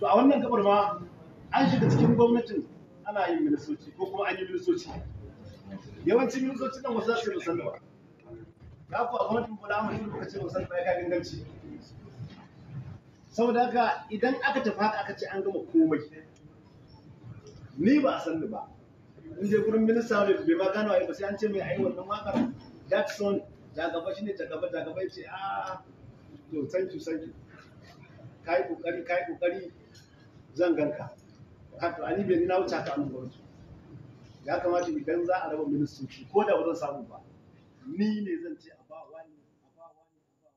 to a wannan gabar ma an shiga cikin gwamnatin ana yin minisoci ko kuma an yi minisoci yawancin minisoci nan wasu za su yi musamman ba ya kuwa gwamnatin bola amma shi lokacin ce musamman kai ya ka ganganci saboda haka idan aka tafi haka aka ce an gama komai ni ba a sanni ba in je gurin minista ne bai ma gano ba sai an ce mai ayi wannan makar jackson jagaba shine jagaba gaba ya ce a ah, to thank you thank you kai kokari kai kokari zan ganka to ani bai na wuce ta amma gwamnati ya kamata idan za a raba ministoci ko da wajen samu ba ni ne zan ce a ba wani a ba wani a ba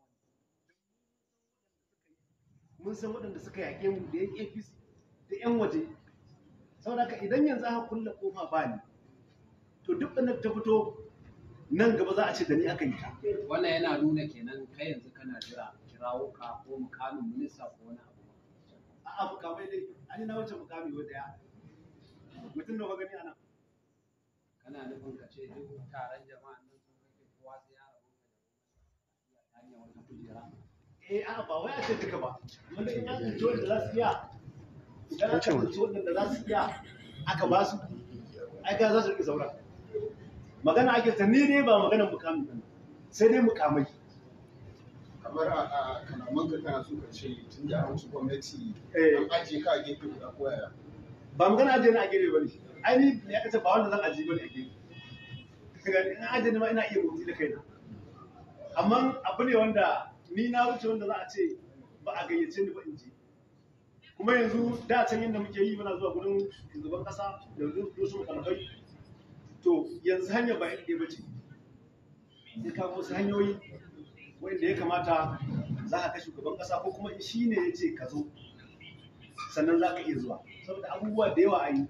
wani mun san waɗanda suka yaƙe mu da yan APC da yan waje saboda ka idan yanzu aka kulle kofa ba ni to duk da ta fito nan gaba za a ce da ni akan yi ta wannan yana nuna kenan kai yanzu kana jira kirawo ka ko mukamin minista ko wani abu a mukamai dai an na wancan mukami wa daya mutum da gani anan kana nufin ka ce duk taron jama'a nan sun kake kowa sai ya rabu ka da hanyar wata kujera eh a ba wai a ce duka ba wanda in an tsinci wanda za su iya idan aka tsinci wanda za su iya aka ba su ai ga za su riƙe sauran magana ake ta ni ne ba maganar mukami ba sai dai mukamai kamar a kamar ka kana so ka ce tun da an ci gwamnati eh. an ajiye ka a gefe guda ko yaya ba magana ajiye na a gefe bane ainihin ya kace ba wanda zan ajiye ba ne a gefe ina ajiye ma ina iya motsi da kaina amma abu ne wanda ni na wuce wanda za a ce ba a gayyace ni ba in je kuma yanzu da can yadda muke yi muna zuwa gudun shugaban kasa da wasu makamai to yanzu hanyar ba ɗaya ba ce sai ka wasu hanyoyi wanda ya kamata za a kashe shugaban kasa ko kuma shi ne ya ce ka zo sannan za ka iya zuwa saboda abubuwa da yawa a yi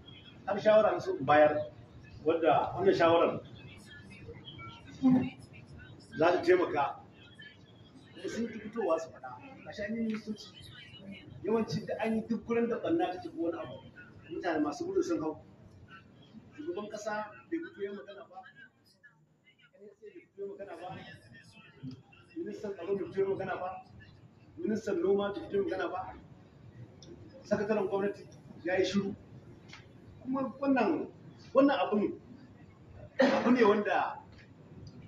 har shawara na sun bayar wadda wannan shawarar za ta taimaka da sun ki fitowa su faɗa a shanin ministoci yawanci da an yi duk gurin da ɓanna ta tafi wani abu mutane masu gudun sun hau shugaban kasa bai fito yin magana ba bai fito yin magana ba ministan tsaro bai fito yin magana ba ministan noma ta fito magana ba sakataren gwamnati ya yi shiru kuma wannan wannan abin abu ne wanda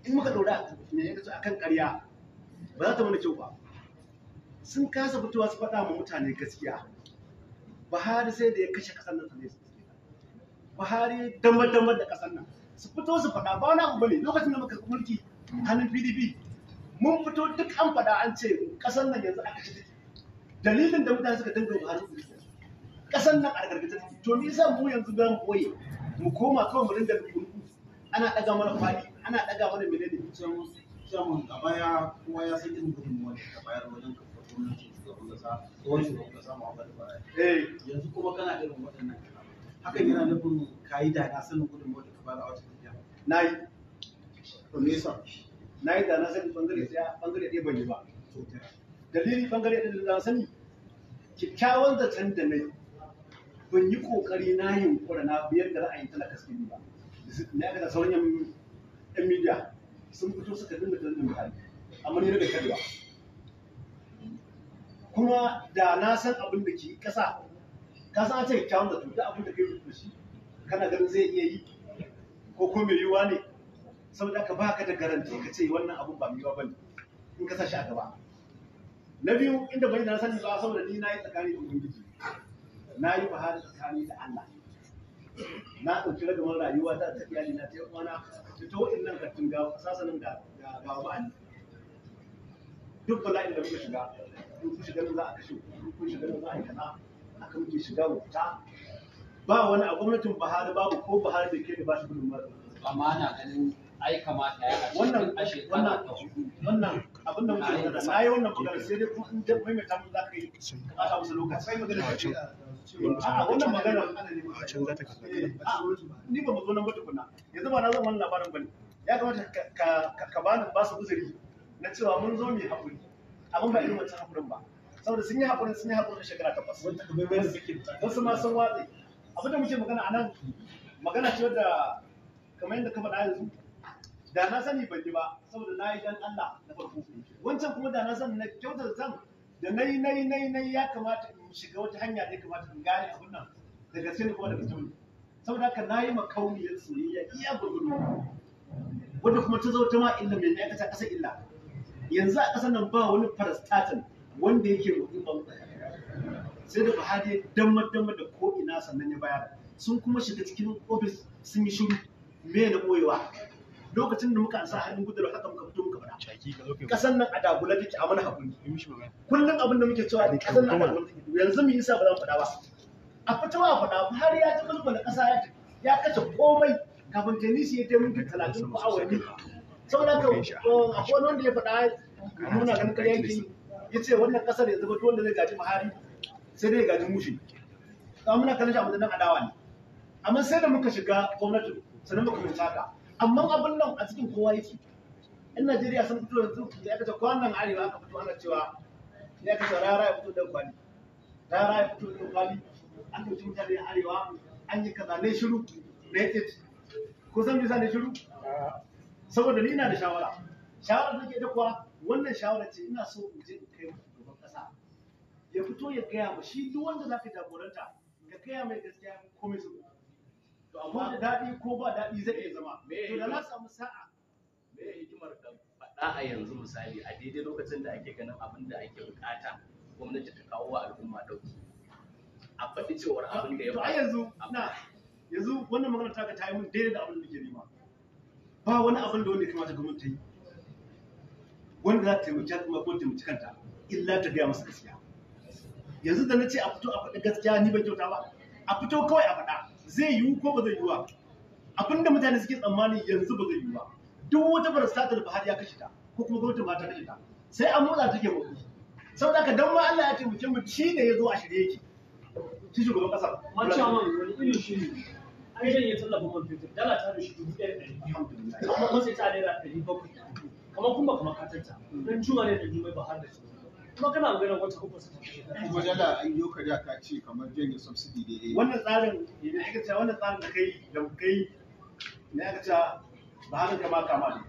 in muka ɗora ne ya kasu akan ƙarya ba za ta mana kyau ba sun kasa fitowa su faɗa ma mutane gaskiya buhari sai da ya kashe ƙasar nan sanai buhari damar damar da ƙasar nan su fito su faɗa ba wani abu ne, lokacin da muka mulki hannun pdp mun fito duk an faɗa an ce ƙasar nan yanzu aka ci take dalilin da mutane suka dinga ba su ƙasar nan a gargajiya take to ni zan mu yanzu mu koye mu koma kawai mu dinga rubutu ana ɗaga mana faɗi ana ɗaga mana menene samun a baya kowa ya san irin gudunmuwa da ta bayar wajen kafa gwamnatin shugaban kasa tsohon shugaban kasa Muhammadu Buhari eh. yanzu kuma kana irin waɗannan hakan yana nufin kayi da na sanin gudun da ta bayar a wata tafiya na yi to me yasa na yi da na sani bangare ɗaya bangare ɗaya ban yi ba dalili bangare ɗaya na sani kyakkyawan zaton da na yi ban yi ƙoƙari na yunkura na biyar da ra'ayin talaka suke ba na ga da sauran yan midiya sun fito suka dinga dalilin mutane amma ni na da kadewa kuma da na san abin da ke ƙasa ka san ce kyakkyawan zato duk abin da kai rubuta shi kana ganin zai iya yi ko ko mai yiwuwa ne saboda ka baka da garanti ka ce wannan abun ba miwa bane in ka sashi a gaba na biyu inda bai na sani ba saboda ni na yi tsakani da ubangiji na yi bahari tsakani da Allah na ɗauki ragamar rayuwa ta tafiya iyali na ta yi kwana ta to in nan kartun ga sasanin ga ga ba'ani duk bala'in da muka shiga kun shiga za a kashe kun shiga za a yi kaza aka muke shiga mu fita ba wani a gwamnatin bahar babu ko bahar da ke da ba shi gudunmawar amma ana ganin ai kamata ya wannan wannan wannan abin da muke magana na yi wannan magana sai dai kuma in da maimaita mun zaka yi ka aka musu lokaci sai magana ce a wannan magana a can za kafa eh, ni ba mu zo nan ba tukuna yanzu ba na zan wannan labarin bane ya kamata ka ka bani ba su uzuri na cewa mun zo mu hakuri abin ba irin wancan hakurin ba saboda sun yi hakurin sun yi hakurin shekara wasu ma sun watsi abin da muke magana a magana ce wadda kamar yadda ka faɗa yanzu da na sani ban yi ba saboda na yi dan Allah na farko wancan kuma da na sani na kyautar zan da na yi na yi na yi na yi ya kamata in shiga wata hanya da ya kamata in gane abin nan da gaske ne kuma daga gaske saboda haka na yi makauniyar soyayya iya gurgudu wanda kuma ta zo ta ma illa mai ya kasa kasa illa yanzu a kasar nan ba wani farastatin wanda yake roƙin ba sai da Buhari damma damma da ko ina sannan ya bayar sun kuma shiga cikin ofis sun yi shiru me na boyewa lokacin da muka sa hannun da haka muka fito muka fada kasan nan a dagula take a mana hakuri kullum abin da muke cewa kasan nan a dagula take yanzu mu isa ba za mu fada ba a fito a fada har ya ci da kasa ya ya kace komai kafin tenisi ya ta minti 30 ko awanni saboda ka uh, akwai wanda ya fada muna ganin kare yake ya ce wannan kasar yanzu ba wanda zai gaji Mahari sai dai gaji mushi amma muna kallon shi a matsayin adawa ne amma sai da muka shiga gwamnati sannan muka bincika amma abin nan a cikin kowa yake In najeriya sun fito da turku da aka ce kwanan arewa aka fito ana cewa ya kace rara ya fito da kwali rara ya fito da kwali an fito mutane arewa an yi kaza ne shiru na yake ko san bisa ne shiru saboda ni ina da shawara shawara da ke da kuwa wannan shawara ce ina so in je in kai gaban kasa ya fito ya gaya ma shi duk wanda zaka jagoranta ka gaya mai gaskiya komai su to amma daɗi ko ba daɗi zai iya zama to da na samu sa'a me hikimar da faɗa a yanzu misali a daidai lokacin da ake ganin abin da ake buƙata gwamnati ta kawo wa al'umma ɗauki a faɗi cewar abin da ya faɗa yanzu na yanzu wannan magana ta ta yi mun daidai da abin da ke nema ba wani abin da wanda ya kamata gwamnati ta yi wanda za ta taimaki al'umma ko taimaki kanta illa ta gaya masa gaskiya yanzu da na ce a fito a faɗi gaskiya ni ban kyauta ba a fito kawai a faɗa zai yiwu ko ba zai yiwu ba da mutane suke tsammani yanzu ba zai yiwu ba duk wata barasta da Buhari ya kashe ta ko kuma gwamnati ba ta kashe ta sai an motsa take mutu saboda ka dan ma Allah ya ce mu shi ne yazo a shirye yake shi shugaban kasa man chairman wani irin shi ne an janye tallafin man fetur dala ta da shi dubu ɗaya da ɗari alhamdulillah amma sai ta naira ɗari bakwai kamar kuma ka tanta dan juma ne da jumai ba har da shi kuma kana maganar wata uku su kuma dala an yi ka da ka ce kamar janye subsidy da yayi wannan tsarin idan aka ce wannan tsarin da kai da kai ne aka ce ba haka kama kama ne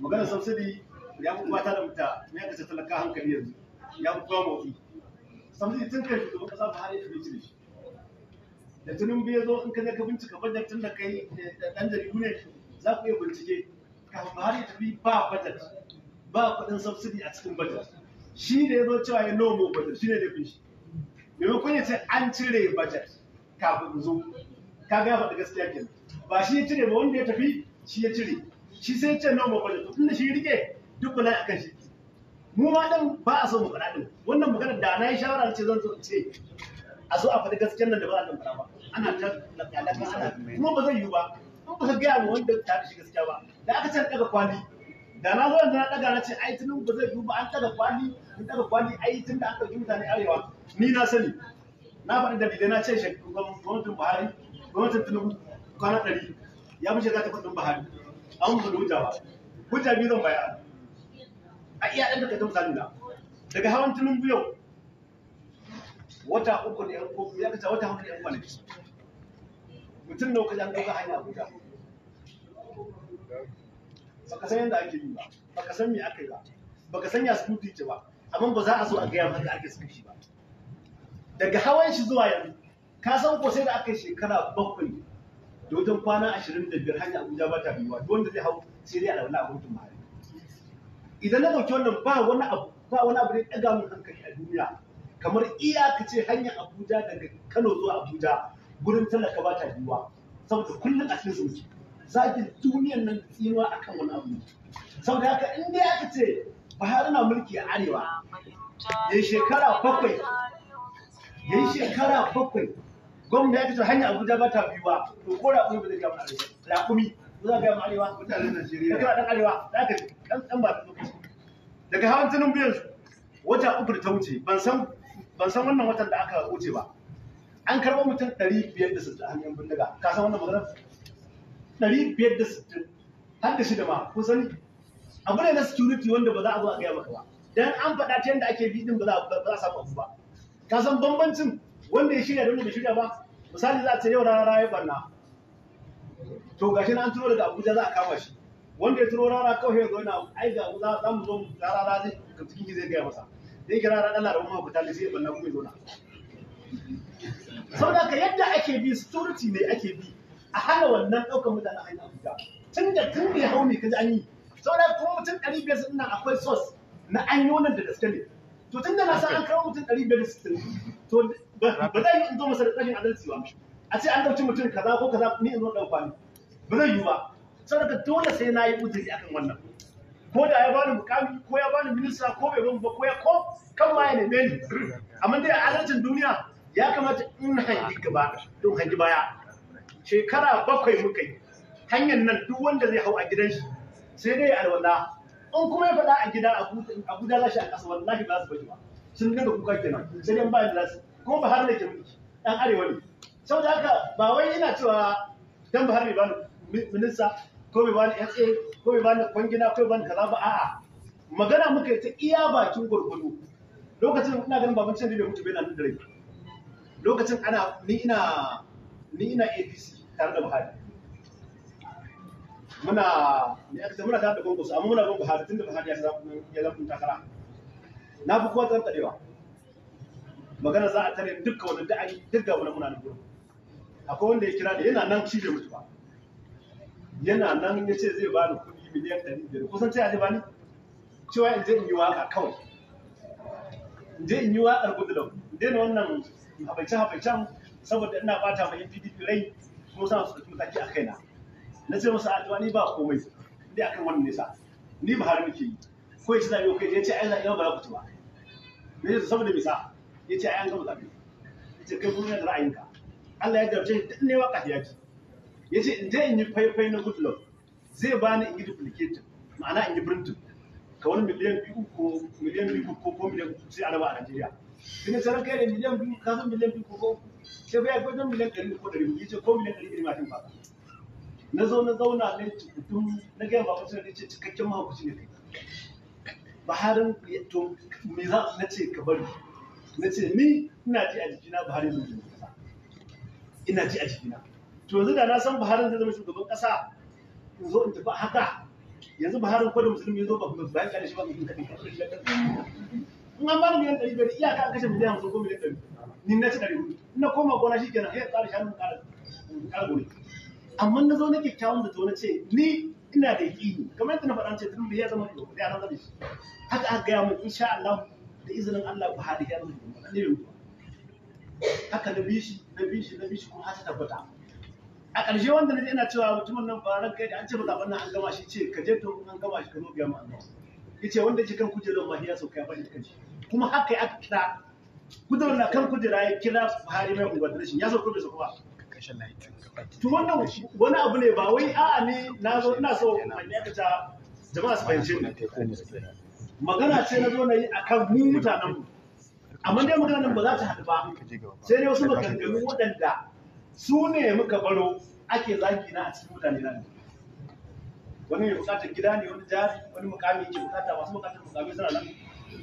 maganar subsidy ya fi mata da muta ne aka ce talaka hankali yanzu ya fi kuma motsi subsidy tun kai shugaban kasa ba har ya fi cire shi da tunin bai zo in ka je ka bincika budget tun da kai da dan jaridu ne za ku iya bincike kafin har ya tafi ba budget ba kuɗin subsidy a cikin budget shi da ya zo cewa ya nomo budget shi ne da shi maimakon ya ce an cire budget kafin zo ka ga faɗi gaskiya ke. ba shi ya cire ba wanda ya tafi shi ya cire shi sai ce nomo budget tunda shi rike duk kula akan shi mu ma dan ba a so mu faɗa din wannan magana da na yi shawara ce zan so ce a so a faɗi gaskiyar nan da ba a dan faɗa ba ana ta lakalaka kuma ba zai yiwu ba in ba ka gaya wanda ta shi gaskiya ba da aka ce daga kwali da na zo na daga na ce ai tunin ba zai duba an daga kwali an daga kwali ai tun da an ɗauki mutane arewa ni na sani na faɗi da dalilai na ce shugaban gwamnatin buhari gwamnatin tinubu kwana ɗari ya fi shekara takwas ɗin buhari an musu da hujjawa hujja biyu zan bayar a iya ɗan daga misali na daga hawan tinubu yau wata uku da ya kace wata hudu da yan kwanaki mutum nawa kaje an ɗauka hanya abuja baka san yadda ake yi ba baka san me aka yi ba baka san ya security ce ba amma ba za a so a gaya ba da ake security ba daga hawan shi zuwa yanzu ka san ko sai da aka shekara bakwai da wajen kwana ashirin da biyar hanyar abuja ba ta biyuwa duk wanda zai hau sai dai a launa abokin mahari idan na ɗauki wannan ba wani abu ba wani abu da ya ɗaga min hankali a duniya kamar iyaka ce hanyar abuja daga kano zuwa abuja gurin talaka ba ta biyuwa saboda kullum a cikin zuciya zagin duniyan nan tsinuwa akan wani abu saboda haka in dai aka ce bahari na mulki a arewa yayi shekara bakwai yayi shekara bakwai gwamna ya ce hanya Abuja ba ta biyuwa to ko raƙumi ba zai gama arewa raƙumi ba za ga mu arewa mutanen Najeriya kira dan arewa za ka dan dan ba daga hawan tunin biyan wata uku da ta wuce ban san ban san wannan watan da aka wuce ba an karɓo mutum 500 da sassa hanyar bindiga ka san wannan maganar ɗari biyar da sittin har da shida ma kun sani abu ne na security wanda ba za a zo a gaya maka ba dan an faɗa ta yadda ake bi din ba za a samu abu ba ka san bambancin wanda ya shirya da shirya ba misali za a ce yau rana rana ya barna to shi na an turo daga abuja za a kama shi wanda ya turo rana kawai ya zo na ai ga za mu zo rana rana zai cikin ya gaya masa zai kira rana Allah da umma ku tali sai ya barna kuma ya zo na saboda ka yadda ake bi security ne ake bi a hana wannan ɗaukar mutane hanyar fita tun da tun da ya hau ne kaji an yi saboda kuma mutum ɗari biyar sun akwai sos na an yi wannan da gaske ne to tun da na san an kawo mutum ɗari biyar da sittin to ba zan yi in zo masa da tsarin adalci ba a ce an ɗauki mutum kaza ko kaza ni in zo ɗauka kwami ba zai yi ba saboda dole sai na yi uzuri akan wannan ko da ya bani mukami ko ya bani minista ko bai ban ba ko ya ko kan ma ya neme ni amma dai a adalcin duniya ya kamata in hangi gaba don hangi baya shekara bakwai muka yi hanyar nan duk wanda zai hau a gidan shi sai dai alwala in kuma ya faɗa a gida a guda za shi a ƙasa wallahi ba za su baje ba sun dinga kuka kenan sai dai ba da su kuma ba har da ke mutu, ɗan arewa ne saboda haka ba wai ina cewa dan ba har ba bani minista ko bai bani SA ko bai bani kwangina ko bai bani kaza ba a'a magana muka yi ta iya bakin gwargwado lokacin ina ganin baban cin bai mutu bai na nan da rai lokacin ana ni ina ni ina APC tare da buhari muna ne aka muna tare da gongosu amma muna gongo tun da buhari ya zafin takara na fi kowa tsan tarewa magana za a tare duka wani da'ai duka wani muna nan gurin akwai wanda ya kira da yana nan shi bai mutu ba yana nan ya ce zai bani kuɗi miliyan ɗari biyar kusan ce a ji bani cewa in je in yi waƙa kawai in je in yi waƙar gudulau in daina wannan habaice-habaicen saboda ina bata ma NPDP rai kuma sa su ɗauki mataki a kaina na ce masa a ni ba komai dai akan wannan nisa ni ba har muke yi ko ya ce zaɓe kai ya ce ai zaɓe ba za ku ci ba me yasa saboda misa ya ce ai an gama zaɓe ya ce kai kuma da ra'ayinka Allah ya jarabce shi duk ne waka ya ci ya ce in je in yi faifai na good luck zai bani in yi duplicative ma'ana in yi printing ka wani miliyan biyu ko miliyan biyu ko miliyan sai araba a Najeriya ina sanar kai da miliyan biyu ka san miliyan biyu ko ko sai bai ga miliyan ɗari ko ɗari biyu ce ko miliyan ɗari ɗari matan ba na zo na zauna ne tukutun na gaya ba kusa da ce cikakken mahaukaci ne kai baharin to me za na ce ka bari na ce ni ina ji a jikina baharin zai zama kasa ina ji a jikina to yanzu da na san baharin zai zama shugaban ƙasa, in zo in tafi haka yanzu baharin ko da musulmi ya zo ba ba ya kare shi ba mutum kaɗai an bani miliyan ɗari biyar iyaka an kashe miliyan ko ɗari ɗari koma gona shi kenan sai ƙara shanu ƙara ƙara gobe amma na zo na kyakkyawan da to na ce ni ina da yi. kamar yadda na faɗa ce tun da ya zama ido ya zama da shi haka a gaya min insha Allah da izinin Allah ku hadi ne haka na bishi na bishi na bishi kuma haka tabbata a ƙarshe wanda na je ina cewa mutumin nan ba kai da an ce ba zaɓen nan an gama shi ce ka je to an gama shi ka zo biya mu an gama ya ce wanda ke kan kujerar ma ya sauka ya faɗi kanshi kuma haka ya kira kudur na kan kudura ya kira Buhari mai unguwar shi ya sauko kuma sauko ba to wannan wani abu ne ba wai a'a ne na zo ina so manyaka ta jama'a su fahimci ni magana ce na zo na yi kan mu mutanen mu amma dai magana nan ba za ta haɗu ba sai dai wasu maganganu waɗanda su ne muka baro ake zagi na a cikin mutane na wani ne bukatar gida ne wani jari wani mukami ke bukata masu bukatar mukami suna nan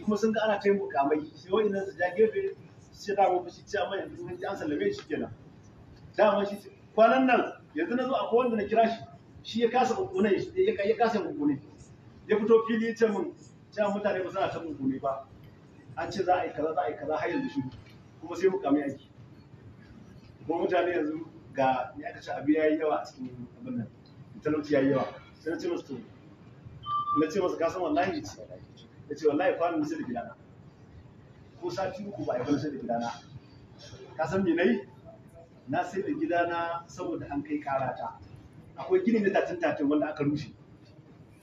kuma sun ga ana kai mukamai sai wani nan su ja gefe shi ce dama ba shi ta amma yanzu mun ji an sallame shi kenan dama shi kwanan nan yanzu na zo akwai wanda na kira shi shi ya kasa kunkune ya kasa kunkune ya fito fili ya ce min cewa mutane ba suna ta kunkune ba an ce za a yi kaza za a yi kaza har yanzu shi kuma sai mukamai aiki kuma mutane yanzu ga ni aka ce abu yayi yawa a cikin abin nan talauci yayi yawa sai na ce musu to na ce musu kasan wallahi ya ce wallahi kwanan nisa da gidana ko sati uku ba a yi nisa da gidana ka san me nayi na sai da gidana saboda an kai karata akwai gini na tatin tatin wanda aka rushe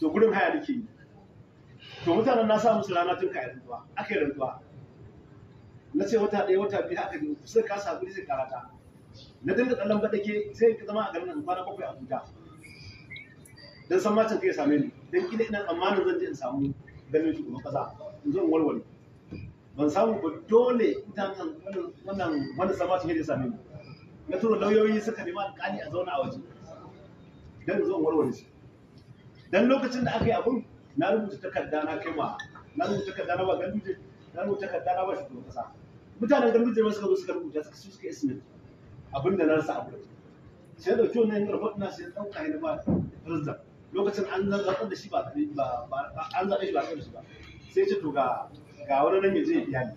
to gurin haya nake yi to mutanen na sa musu rana tun kayan rantsuwa aka yi rantsuwa na ce wata ɗaya wata biyu aka biyu kusa ka sabu sai karata na dinga lamba baɗake sai ka zama a garin nan kwana bakwai a Abuja dan san macin kai same ni dan kila ina tsammanin zan je in samu ganin shugaban kasa in zo ban samu ba dole ita wannan sama ce na turo lauyoyi suka nema a zauna a waje dan zo in warware shi dan lokacin da aka yi abun na rubuta takarda na kai ma na rubuta takarda na ba ganduje na rubuta takarda na ba shugaban kasa mutanen ganduje ma suka zo suka rubuta suka suka estimate abin da na rasa abu sai da kyau na yin rahoton na sai ɗauka hidima president lokacin an zartar da shi ba an zaɓe shi ba da shi ba sai ce to ga ga wani nan ya je ya biya ni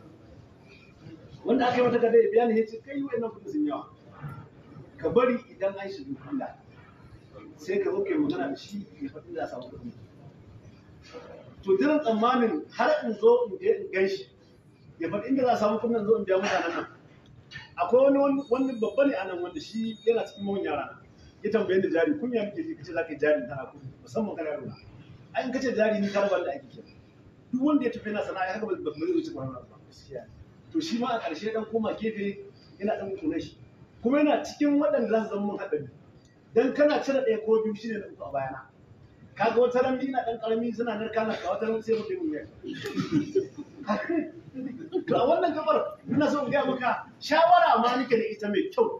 wanda aka yi mata kada ya biya ni ya ce kai nan kuma sun yawa ka bari idan an shi kula sai ka zo kai magana da shi ya faɗi da samu kuɗi to jiran tsammanin har in zo in je in gan shi ya faɗi inda za a samu kuɗin zo in biya mutanen nan akwai wani wani babba ne a nan wanda shi yana cikin mawan yara ya tambaye da jari kunya muke ji kace zaka jari ta aku musamman kana ruwa ai kace jari ni karban da ake kira duk wanda ya tafi na sana'a haka ba mu wuce ba gaskiya to shi ma a ƙarshe dan koma gefe yana dan kunan shi kuma yana cikin waɗanda za su zama mun haɗari dan kana cire ɗaya ko biyu shine na uku a bayana kaga wata ran ina dan karami suna narka na ka wata ran sai mutum ne to a wannan kamar ina so in ga maka shawara ma nake da ita mai kyau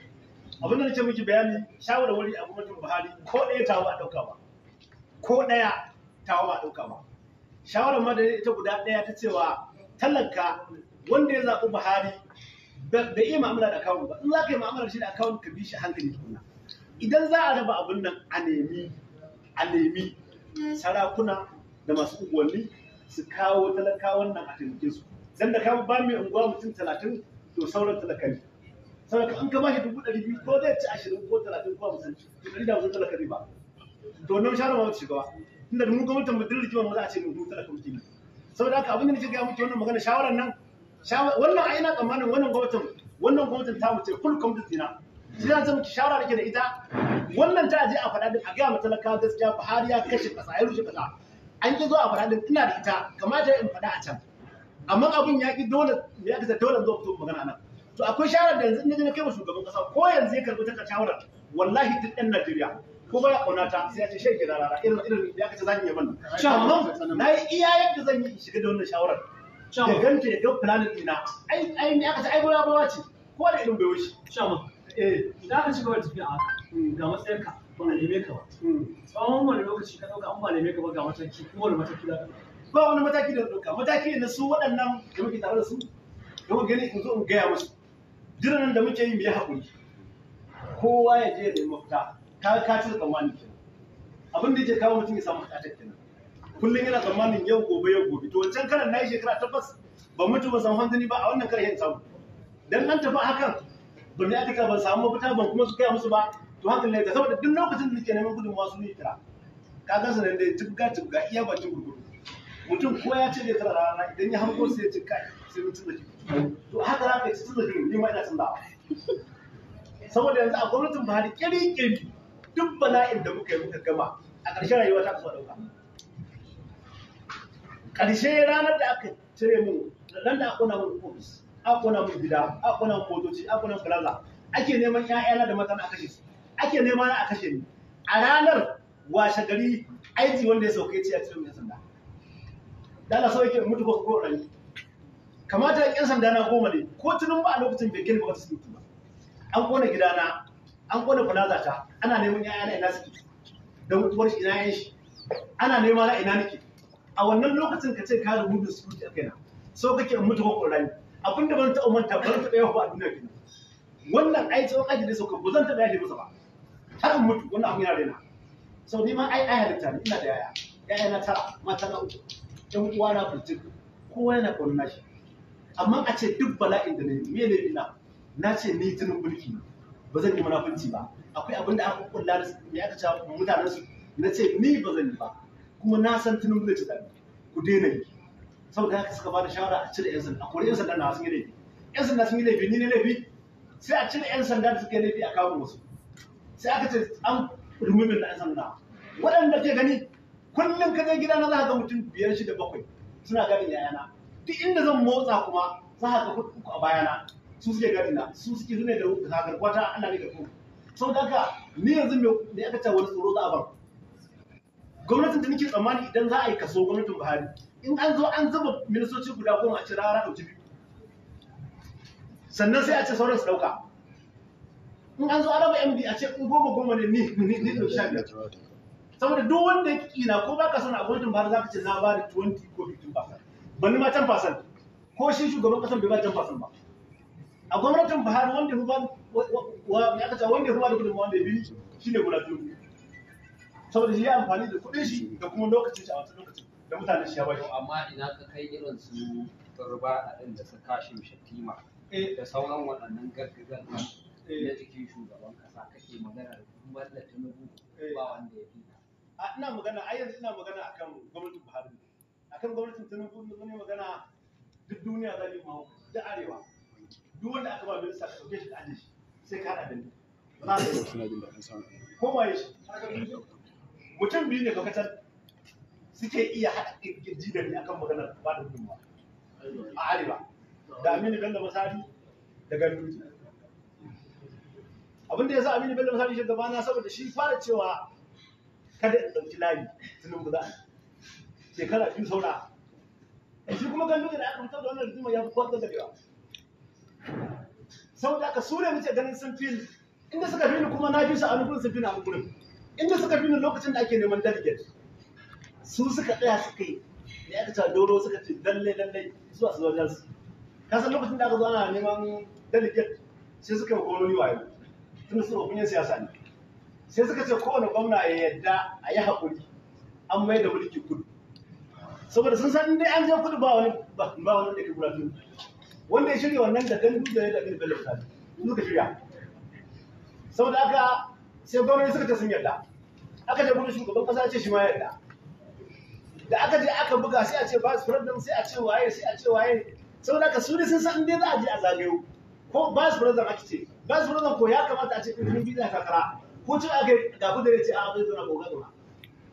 abin da nace miki bayani shawara wuri a gwamnatin Buhari ko ɗaya tawo a ɗauka ba ko ɗaya tawo a ɗauka ba shawarar ma da ita guda ɗaya ta cewa talaka wanda ya zaɓi Buhari da iya ma'amala da akawun ba in za ka yi ma'amala shi da akawun ka bi shi hankali tukuna idan za a raba abin nan a nemi a nemi sarakuna da masu unguwanni su kawo talakawan nan a taimake su dan da ka ba mai unguwa mutum talatin to sauran talakani saboda in kama bashi dubu ɗari biyu ko zai ci ashirin ko talatin ko hamsin ɗari da hamsin talaka riba ba to wannan shara ma wata shugaba tunda da mu gwamnatin mu dirri kima za a ce mu mu talaka muke ne saboda haka abin da nake gaya muke wannan magana shawarar nan wannan a ina tsammanin wannan gwamnatin wannan gwamnatin ta wuce full community na shi zan ce miki shawara nake da ita wannan ta aje a faɗa din a gaya ma talaka gaskiya Buhari ya kashe ƙasa ya rushe kasa an ki zo a faɗa din ina da ita kamata in faɗa a can amma abin ya ki dole ya ki dole zo magana anan to akwai shawara da yanzu na kai shugaban kasa ko yanzu ya karbi taka shawara wallahi duk ɗan Najeriya ko ba ya ta sai ya ce shan da rara irin irin da aka ce zan yi mana shawarar na yi iya yadda zan yi shiga da wannan shawarar Da ganta ya ga planet ina. ai ai ne aka ce ai gola bawa ce ko da irin bai wuce shawarar eh idan aka ci gaba da tafiya hmm. ga matsayarka ba na neme ka ba hmm. tsawon wani lokaci ka ɗauka an ba neme ka ba ga mataki kuma wani mataki za ba wani mataki da ɗauka mataki na su waɗannan da muke tare da su da mu gani in zo in gaya musu jiran da muke yi mu yi haƙuri kowa ya je da mafita ka ka da tsammanin kenan abin da yake kawo mutum ya samu haƙatar kenan kullum yana tsammanin yau gobe yau gobe to wancan karan na yi shekara tabbas ba mutu ba san hanzuni ba a wannan karan yin samu dan an tafi hakan ba mai aka ban samu mafita ban kuma su kai musu ba to hakan ne ta saboda duk lokacin da nake neman gudunmawa su yi kira ka ga su da tibga tibga iya bakin gurguru mutum ko ya ce zai tara rana idan ya hanko sai ya ci kai sai mun canza to haka za ka yi canza ni ma ina canza saboda yanzu a gwamnatin Buhari kirkiri duk bala'in da muka yi muka gama a ƙarshen rayuwa ta kasuwa dauka ƙarshe ranar da aka cire mun ran da aka ƙona mun ofis aka ƙona mun gida aka ƙona mun motoci aka ƙona mun plaza ake neman ƴaƴana da mata na kashe su ake nema na a kashe ni a ranar washe gari aiki wanda ya sauke ce a cikin mai sanda da Allah sauke mutu ko ko rani kamata yan sanda na goma ne ko tunan ba a lokacin bai gani ba wata surutu ba an kona gidana an kona plaza ta ana neman yaya na ina suke don uwar shi ina yan shi ana neman na ina nake a wannan lokacin ka ce ka rubu da su a kaina so kake in mutu ko rani abin da ban taɓa manta ban taɓa yawa a duniya kenan wannan ai tsawon aji ne sauka ba zan taɓa yaje masa ba har in mutu wannan abin yana raina sau ni ma ai ai halitta ne ina da yaya yaya na tara mata na uku ɗan uwa na fulcin kowa yana kwanna shi amma a ce duk bala'in da na yi me ne ina na ce ni tunin mulki ba zan yi munafunci ba akwai abin da aka kulla da me aka ce mutanen su na ce ni ba zan yi ba kuma na san tunin mulki da ku daina yi saboda haka suka bada shawara a cire yan sanda a yan sanda na sun yi laifi yan sanda sun yi laifi ni ne laifi sai a cire yan sanda da suka laifi a kawo wasu sai aka ce an rumumin da yan sanda waɗanda ke gani kullum ka je gida na za ka ga mutum biyar shida bakwai suna ganin yayana duk inda zan motsa kuma za a ga kuɗin a bayana su suke gadin na, su suke zune da zagar kwata ana ne da ku sau da haka ni yanzu me aka cewa wani tsoro za a bar gwamnatin da nake tsammani idan za a yi kaso gwamnatin buhari in an zo an zuba ministoci guda goma a cira rana ɗauki biyu sannan sai a ce sauran su ɗauka in an zo an raba md a ce in goma goma ne ni ni ni ɗauki sha biyar saboda duk wanda ya ƙi na ko ba ka son a gwamnatin buhari za ka ce na ba da 20 ko 15 ba bani ma can fasan ko shi shugaban kasan bai ma can fasan ba a gwamnatin buhari wanda huba wa ya kace wanda da kudin wanda ya bi ne guda biyu saboda shi ya amfani da kudin shi da kuma lokacin shi a wata lokacin da mutanen shi ya bashi amma ina ka kai irin su turba a din da su kashin shatima eh. da sauran waɗannan gaggazan eh. na jikin shugaban kasa kake magana da kuma ta nubu eh. ba wanda ya fi ina magana ai yanzu ina magana akan gwamnatin Buhari akan gwamnatin tinubu ne magana duk duniya za yi mawa da arewa duk wanda aka ba minista ka dauke shi ka aje shi sai ka haɗa dinka ba ko waye shi mutum biyu ne bakatar suke iya haɗa kirji da ni akan maganar ba da gudunmawa a arewa da aminu bello masari da ganduji abin da ya sa aminu bello masari shi gabana saboda shi fara cewa kada in ɗauki layi tunan ba za a shekara biyu saura shi kuma gandun da aka fitar da wannan rigima ya fi kwanta da yawa saboda aka su ne muke ganin sun fi inda suka fi kuma na fi su a nufin sun fi na gurin inda suka fi lokacin da ake neman delegate su suka tsaya suka yi da aka ta doro suka ce lalle lalle zuwa su wajen su ka san lokacin da aka zo ana neman delegate sai suka yi gwamnoni wayo tun su opinion siyasa ne sai suka ce kowane gwamna ya yadda a yi haƙuri an mai da mulki kudu saboda sun san dai an je kudu ba wani ba wani da ke kura biyu wanda ya shirya wannan da kan duk da ya bala bello ta suka shirya saboda aka sai gwamnati suka ta sun yarda aka je gudu shugaban kasa ce shi ma yarda da aka je aka buga sai a ce ba su president sai a ce waye sai a ce waye saboda aka su ne sun san dai za a je a zagayo ko ba su president ake ce ba su president ko ya kamata a ce ɗin biza kakara ko ce aka gabu da ya ce a abin zana gogaza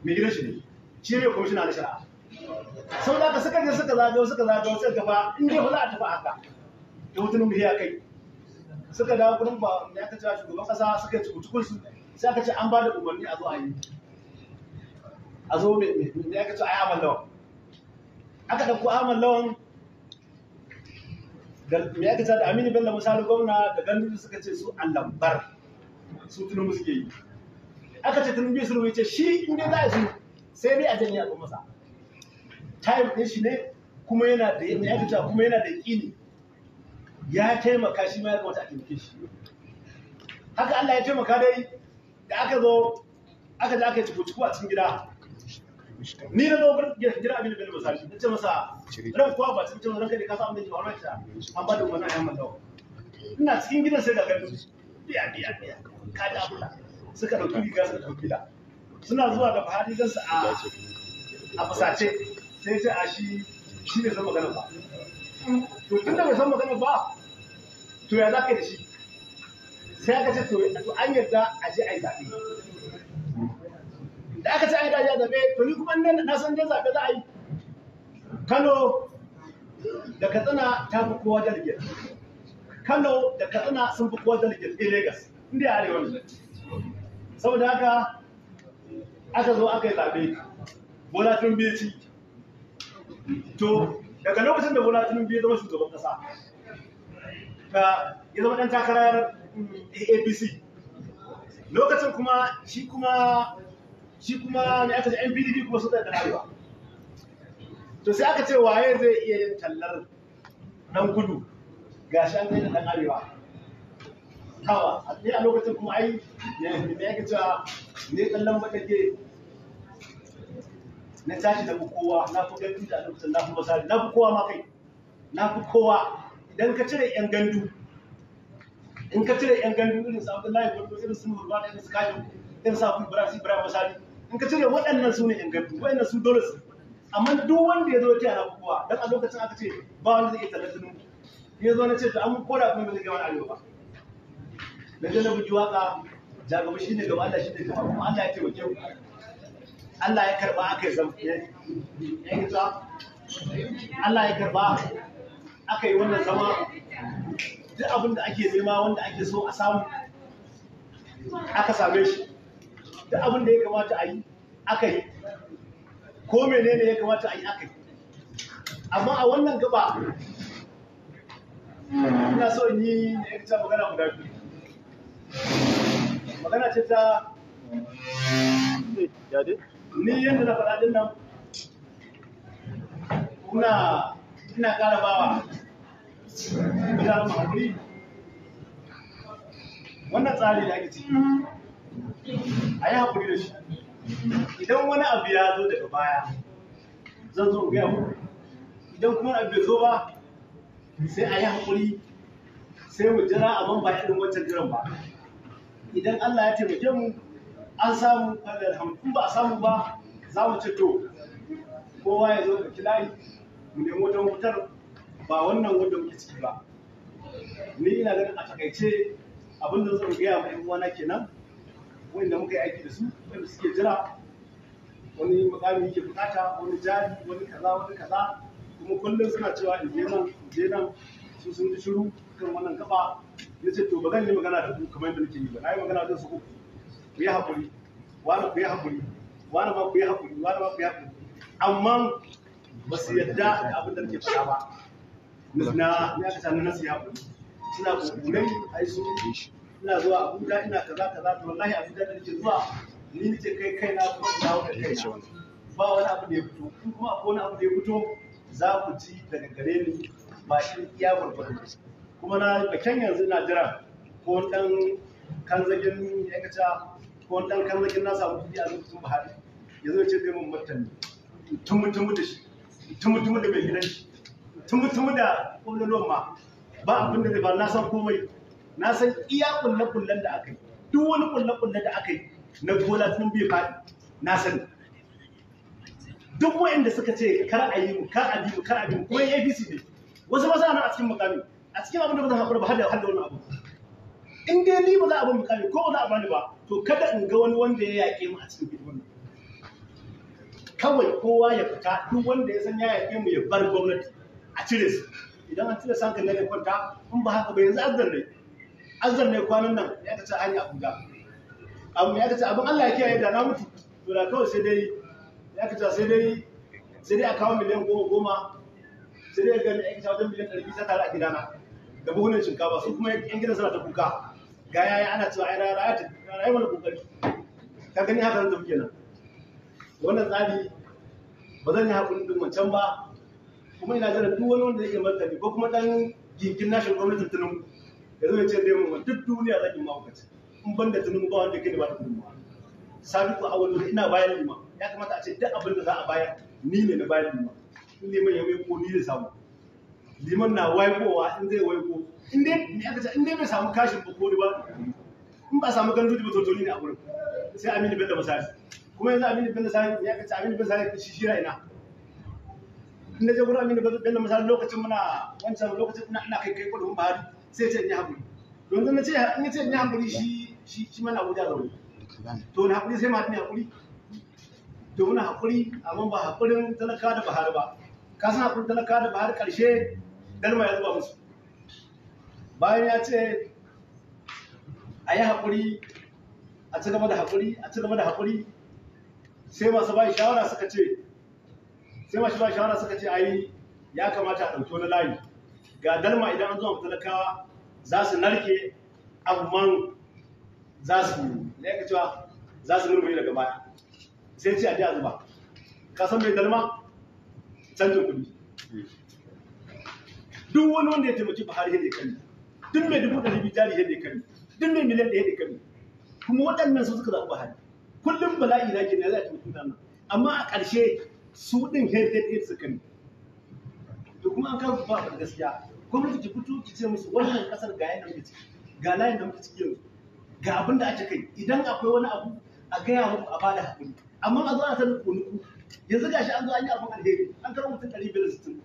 mai gina shi ne shi ne kwamishina na shari'a sau da ka suka je suka zagayo suka zagayo suka gaba in dai ba za a tafi haka da wutun mu ya kai suka dawo gurin ba ya ka cewa shugaban kasa suka ci kutukun su sai aka ce an ba da umarni a zo a yi a zo me ya ka ce ai amal lawan aka dauko amal lawan da me ya ka ce da Aminu Bello Musa gwamna da Gandu suka ce su an lambar su tunubu suke yi aka ce tunubu su rubuce shi in dai za a yi sai dai a janye a masa time ɗin shi ne kuma yana da yadda ya fita kuma yana da ƙini ya taimaka shi ma ya kamata a taimake shi haka Allah ya taimaka dai da aka zo aka je aka yi ciku a cikin gida ni na zo gida abin da bin misali na ce masa ran kuwa ba cikin ranka ne ka sa amma jiwa ranka an ba da wani ayan mandawa ina cikin gidan sai da kai biya biya biya ka da abula suka dauki riga suka dauki da suna zuwa da fahadigansu a a fasace sai sai a shi shi ne san magana ba to tun da bai san magana ba to ya za ka da shi sai aka ce to an yarda a je a yi zaɓe da aka ce an yarda a zaɓe to ni kuma nan na san dai zaɓe za a yi kano da katsina ta fi kowa delegate kano da katsina sun fi kowa delegate a lagos inda ya arewa ne saboda haka aka zo aka yi zaɓe bola tun biyu to daga lokacin da bola tunan biyu zama shugaban kasa ya zama dan takarar mm, apc lokacin kuma shi kuma shi kuma ne aka ce npdp kuma sun da arewa to sai aka ce waye zai iya yin tallar dan gudu ga shi an kai da dan arewa kawa a lokacin kuma ai ne ya ce ne tallan baɗaɗe na tashi da kowa na fi gandu da annabi na fi basari na fi kowa ma kai na fi kowa idan ka cire yan gandu in ka cire yan gandu irin su Abdullahi Gwado irin su da irin su kayan irin sa Abu Ibrahim Ibrahim Masali in ka cire waɗannan su ne yan gandu waɗannan su dole su amma duk wanda ya zo ya ce kowa dan a lokacin aka ce ba wanda zai iya tallatin ya zo na ce to an koda kuma ba zai gama arewa na je na buji waka jagaba ne gaba Allah ne gaba kuma Allah ya wa mu Allah ya karba aka yi zama Allah ya karba aka yi wannan zama duk abin da ake zama wanda ake so a samu aka same shi duk abin da ya kamata a yi aka yi ko menene ya kamata a yi aka yi amma a wannan gaba ina so in yi da ya magana guda biyu magana ce ta ni yadda na faɗa din nan kuna ina ƙara bawa bila ma'amuri wannan tsari da ake ciki a yi haƙuri da shi idan wani abu ya zo daga baya zan zo gaya muku idan kuma abu bai zo ba sai a yi haƙuri sai mu jira a abin ba irin wancan jiran ba idan Allah ya taimake mu an samu in ba a samu ba za mu ce to kowa ya zo ka kilayi mu nemi wata wutar ba wannan wanda muke ciki ba ni ina ganin a takaice abin da zan gaya mai uwana kenan wanda muka yi aiki da su wanda suke jira wani mukami yake bukata wani jari wani kaza wani kaza kuma kullum suna cewa in je nan in je nan su sun shiru kan wannan gaba ya ce to ba zan yi magana da ku kamar yadda nake yi ba na yi magana da su uku ku yi haƙuri wani ku yi haƙuri wani ma ku yi haƙuri wani ma ku yi haƙuri amma ba su yadda da abin da ke faɗa ba na ya ka tanu na su haƙuri suna a yi su ina zuwa abuja ina kaza kaza to wallahi abuja da nake zuwa ni nake kai kaina kuma ina wata kaina ba wani abu da ya fito in kuma akwai wani abu da ya fito za ku ji daga gare ni ba shi iya gwargwado kuma na da yanzu na jira ko dan kan zagin ya kaca ko dan karzakin na samu kuɗi a lokacin Buhari ya zo ya ce zai mun martani tumu tumu da shi tumu tumu da mai gidan shi tumu tumu da kullun ma ba abin da zai ba na san komai na san iya kulle kullen da aka yi duk wani kulle kulle da aka yi na bola tun bai faɗi na sani duk waɗanda suka ce kar a yi kar a bi kar a bi ko APC ne wasu ba sa nan a cikin mukami a cikin abin da ba zan haƙura ba har da wani abu in dai ni ba za a bin mukami ko ba za a bani ba to kada in ga wani wanda ya yaƙe mu a cikin gidan kawai kowa ya fita duk wanda ya san ya yaƙe mu ya bar gwamnati a cire su idan an cire san kalle kwanta in ba haka ba yanzu azan ne azan ne kwanan nan ya kace an yi abuja amma ya kace abin Allah ya kiyaye da na mutu to da kawai sai dai ya kace sai dai sai dai a kawo miliyan goma goma sai dai ga mai aikata wajen miliyan ɗari bisa tare a gidana da buhunan shinkafa su kuma yan gidan suna ta kuka ga yaya ana cewa ai rayuwa rayuwa mana kokari ka gani haka zan nan wannan tsari ba zan yi haƙuri din wancan ba kuma ina zara duk wani wanda zai iya martani ko kuma dan ginkin nashin gwamnatin tunan ya zo ya ce dai mun duk duniya zan yi mahaukaci in ban da tunan ba wanda kai ne ba ta tunan ba ko a wani ina bayan lima ya kamata a ce duk abin da za a bayar ni ne na bayan lima in neman ya mai ko ni da samu liman na waikowa in zai waiko in dai aka ce in bai samu kashin ba ko ba in ba samu gandu ba totoni ne a gurin sai aminu bello masari kuma yanzu aminu bello masari ya kace aminu bello masari shi shira ina in da je gurin aminu bello masari lokacin muna wancan lokacin ina ana kai kai kudin bahari sai ce in yi hakuri don zan ce in ce ni haƙuri shi shi shi mana da wuri to na hakuri sai ma ni hakuri to muna hakuri amma ba hakurin talaka da bahari ba ka san talaka da bahari karshe dalma ya zuba musu bayan ya ce a yi haƙuri a ci gaba da haƙuri a ci gaba da haƙuri sai masu ba shawara suka ce sai masu ba shawara suka ce a yi ya kamata a ɗauki wani layi ga dalma idan an zuwa talakawa za su narke amman za su ne ka cewa za su murmuri daga baya sai ce a ji a zuba ka san mai dalma canjin kuɗi duk wani wanda ya taimaki Buhari ya kani duk mai dubu ɗari biyu jari ya kani duk mai miliyan ɗaya ya kani kuma waɗannan su suka zaɓi Buhari kullum bala'i na kenan za a taimaki nan amma a ƙarshe su ɗin ya suka ne to kuma an kawo ba gaskiya gwamnati ki fito ki ce musu wannan ƙasar ga yadda muke ciki ga layin da muke ciki yanzu ga abin da ake kai idan akwai wani abu a gaya muku a bada hakuri amma a zo ana sanin kunuku yanzu gashi an zo an yi abin alheri an karɓi mutum ɗari biyar da sittin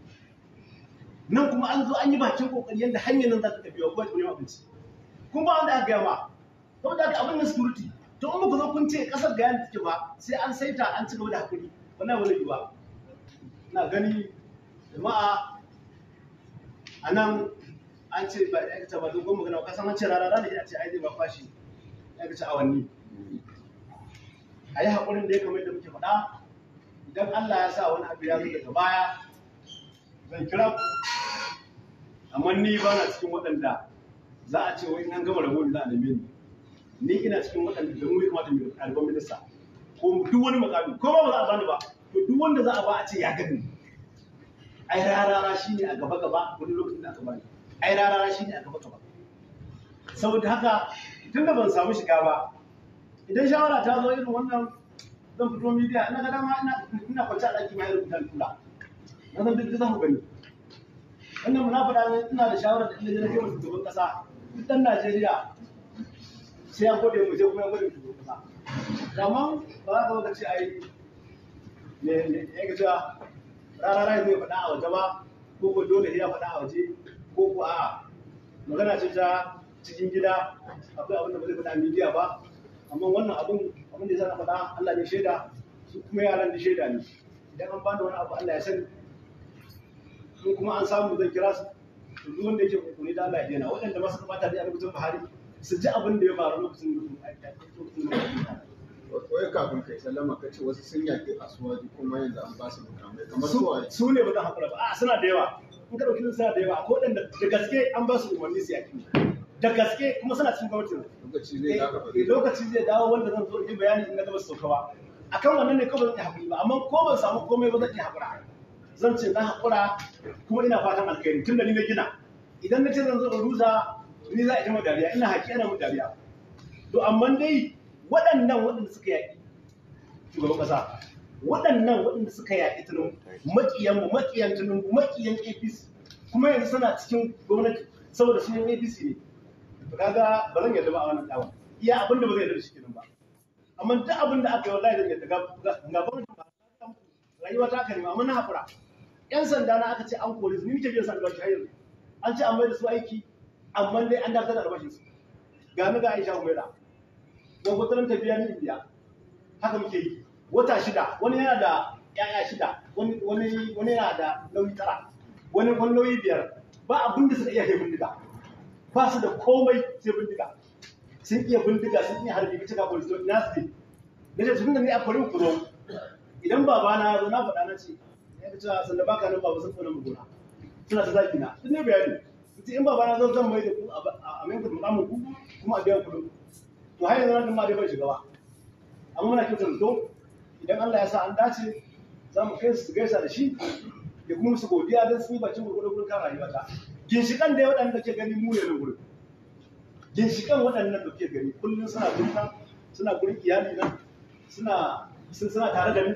nan kuma an zo an yi bakin kokari yadda hanyar nan za ta tafiya ko ta abinci kun ba wanda aka gaya ma da aka abin na security to in ku zo kun ce kasar ga yanda take ba sai an saita an ci gaba da hakuri wannan wani yiwa ina gani jama'a a nan an ce ba da aikata ba don magana ka kasan an ce rara rana ina ce ai zai ba fashi aikata awanni a yi haƙurin da ya kamar da muke faɗa idan Allah ya sa wani abu ya zo daga baya zan kira ku amma ni ba na cikin waɗanda za a ce wai nan gama rabo za a dame ni ni ina cikin waɗanda da mu ya kamata mu ɗaliban minista ko duk wani makami ko ba za a bani ba to duk wanda za a ba a ce ya gani ai rarara shine a gaba gaba wani lokacin da aka bani ai rarara shine a gaba gaba saboda haka tun da ban samu shiga ba idan shawara ta zo irin wannan zan fito midiya ina ga dama ina kwance a ɗaki ma irin rubutan kula wannan duk zan gani wannan muna faɗa ne ina da shawarar da inda na kai shugaban ƙasa duk ɗan Najeriya sai an gode mu je kuma ya gode shugaban kasa kamar ba za ka wata ce ai ne ne ya ga rana rai zai faɗa a waje ba ko ko dole ya faɗa a waje ko ko a magana ce ta cikin gida akwai abin da ba zai faɗa a midiya ba amma wannan abin abin da ya sa faɗa Allah ne shaida su kuma yaran da shaida ne idan an bani wani abu Allah ya sani in kuma an samu zan kira su to duk wanda yake kokoni da Allah ya daina waɗanda masu kamata dai a lokacin Buhari su ji abin da ya faru lokacin da wai kafin kai sallama ka ce wasu sun yaƙi a suwaji kuma yanzu an ba su mukamai kamar suwaye su ne ba zan haƙura ba a suna da yawa in ka ɗauki suna da yawa ko waɗanda da gaske an ba su umarni su yaƙi da gaske kuma suna cikin gwamnatin lokaci zai eh, dawo wanda zan zo in bayani in na gaba su sauka ba akan wannan ne kawai zan iya haƙuri ba amma ko ban samu komai ba zan iya haƙura zan ce na haƙura kuma ina fatan alkhairi tun da ni na gina idan na ce zan zo ruza ni za a jama dariya ina haƙi ana mu dariya to amma dai waɗannan waɗanda suka yaƙi shugaban ƙasa waɗannan waɗanda suka yaƙi tunan maƙiyan mu maƙiyan tunan maƙiyan APC kuma yanzu suna cikin gwamnati saboda su yan APC ne to kaga ba zan yarda ba a wannan dawon iya abin da ba zai yarda da shi kenan ba amma duk abin da aka yi wallahi zan yarda ga gwamnati ba rayuwa ta kare amma na haƙura yan sanda na aka ce an kore su ni ke biyan su albashi yanzu an ce an mai da su aiki amma dai an dakatar da albashin su ga ni ga Aisha Umaira gwagwatarin tafiya ni biya haka muke yi wata shida wani yana da yaya shida wani wani yana da nauyi tara wani wani nauyi biyar ba abin da suka iya kai bindiga ba su da komai sai bindiga sun iya bindiga sun iya harbi bici cika police na su ne da su ne a kwarin ku zo idan babana ya zo na faɗa na ce yadda cewa sanda baka nan baba sun mu gona suna ta zaki na duk ne bayani kace in baba na zo zan mai da ku a mai ku mukamu ku kuma a biyan ku to har yanzu nan ma dai bai shiga ba amma muna kyautar to idan Allah ya sa an dace za mu kai su gaisa da shi ya kuma su godiya don su sun bakin gurgurin gurin kan rayuwa ta ginshikan da waɗanda ke gani mu ne nan gurin ginshikan waɗannan da ke gani kullum suna gurin suna gurin iyali na suna suna tare da ni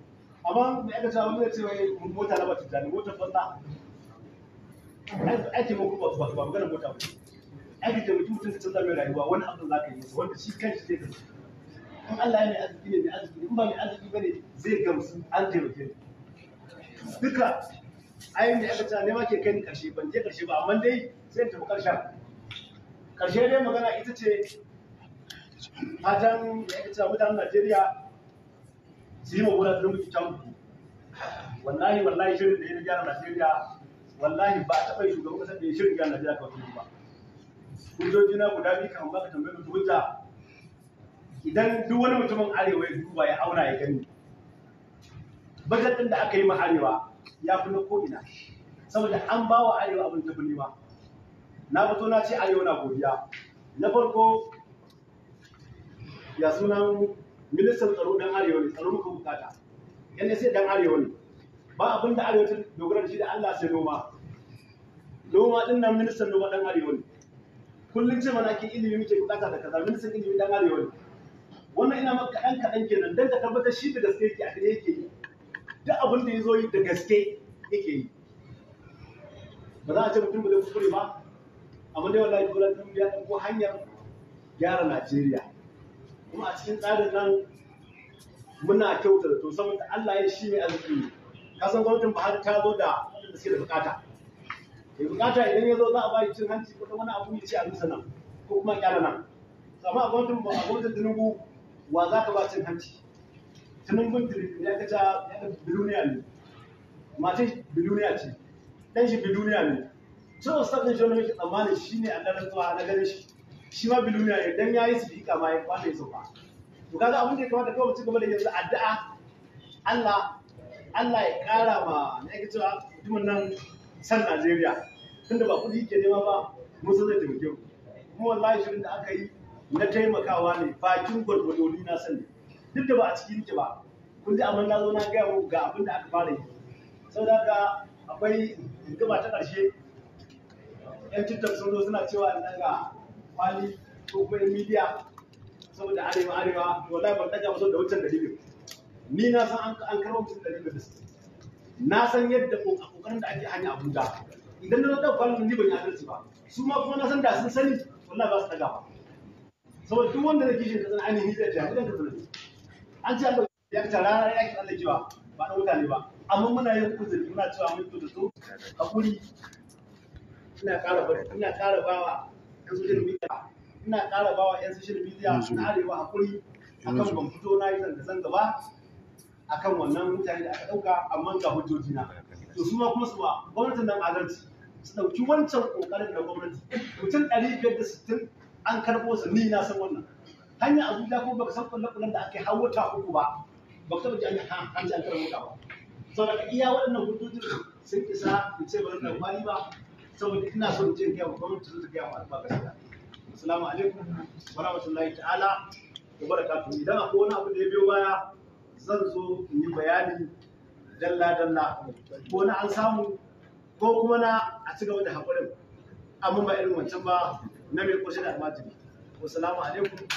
amma da aka cewa zai ce wai mota na bata jani mota fanta aiki ba kuma ba ba magana mota ba aiki da mutum mutum ka canza mai rayuwa wani abin za ka yi masa wanda shi kanshi zai gamsu in Allah ya mai arziki ne mai arziki in ba mai arziki ba ne zai gamsu an taimake ni duka ayin da aka cewa ma ke kai ni karshe ban je karshe ba amma dai sai tafi karshen karshe dai magana ita ce fatan da aka cewa mutanen Najeriya su yi magana da muke can wallahi wallahi shirin da ya gyara Najeriya wallahi ba a taɓa shugaban ƙasar da ya shirin gyara Najeriya kawai ba hujjoji na guda biyu kan baka tambayar mutu hujja idan duk wani mutumin arewa ya duba ya auna ya gani bajet ɗin da aka yi ma arewa ya fi na ko'ina saboda an ba wa arewa abin ta nema na fito na ce arewa na godiya na farko ya sunan ministan tsaro dan arewa ne tsaro muka bukata sai dan arewa ne ba abin da arewa ta dogara da shi da Allah sai noma noma din nan ministan noma dan arewa ne kullum ce mana ke ilimi muke bukata da kaza ministan ilimi dan arewa ne wannan ina maka kaɗan kaɗan kenan dan ka tabbatar shi da gaske yake a kare yake yi duk abin da ya zo yi da gaske yake yi ba za a ce mutum ba zai kuskure ba amma dai wallahi dole ya ko hanyar gyara Najeriya kuma a cikin tsarin nan muna kyauta da to saboda Allah ya shi ne arziki ka san gwamnatin Buhari ta zo da da suke da bukata da bukata idan ya zo za a bayi cin hanci ko wani abu ya ce a bisa nan ko kuma kyara nan amma a gwamnatin a gwamnatin Tinubu wa za ka ba cin hanci Tinubun ya kaca ya ka biluniya ne mace biluniya ce dan shi biluniya ne shi tsammanin shi ne Allah rantsuwa na ganin shi shi ma biluniya idan ya yi sidika ma ya kwana ya ba. to kaga abin da ya kamata kawai mutum gaba da yanzu addu'a Allah Allah ya kara ma na yake cewa mutumin nan san Najeriya tunda ba kudi ke nema ba musu zai taimake mu kuma wallahi shirin da aka yi na taimakawa ne bakin gwargwado ni na sani duk da ba a cikin ki ba kun ji amma na zo na gaya muku ga abin da aka fara yi saboda haka akwai gaba ta ƙarshe yan tiktok sun zo suna cewa daga amfani ko kuma media saboda arewa arewa to wallahi ban daga musu da wucin dalilin ni na san an an karɓo mutum ɗari da na san yadda a kokarin da ake hanya Abuja idan na ɗauka kwallon ni ban yi adalci ba su ma kuma na san da sun sani wallahi ba su daga ba saboda duk wanda da kishin kasan ainihin zai ta gidan kasan an ce Allah ya ta rana ya ki Allah kiwa ba da mutane ba amma muna yin kuzuri muna cewa mun to da su hakuri ina ƙara ina ƙara bawa ta social media ina ƙara bawa 'yan social media na arewa hakuri akan ban fito na yi zanga-zanga ba akan wannan mutane da aka ɗauka amma ga hujjoji na to su ma kuma su ba gwamnatin nan adalci su ɗauki wancan ƙoƙarin da gwamnati mutum ɗari biyar da sittin an karɓo su ni na san wannan hanya a zuciya kuma baka san kullakullan da ake hawo ta uku ba ba ka taɓa ji an an ci an karɓo ta ba saboda iya waɗannan hujjoji sun isa in ce ba zan ɗauki ba saboda ina so in je ga gwamnati ta ga mu alfa gaskiya assalamu alaikum wa rahmatullahi ta'ala wa barakatuh idan akwai wani abu da ya biyo baya zan zo in yi bayani dalla dalla ko na an samu ko kuma na a ci gaba da hakurin amma ba irin wancan ba na mai koshi da almajiri wassalamu alaikum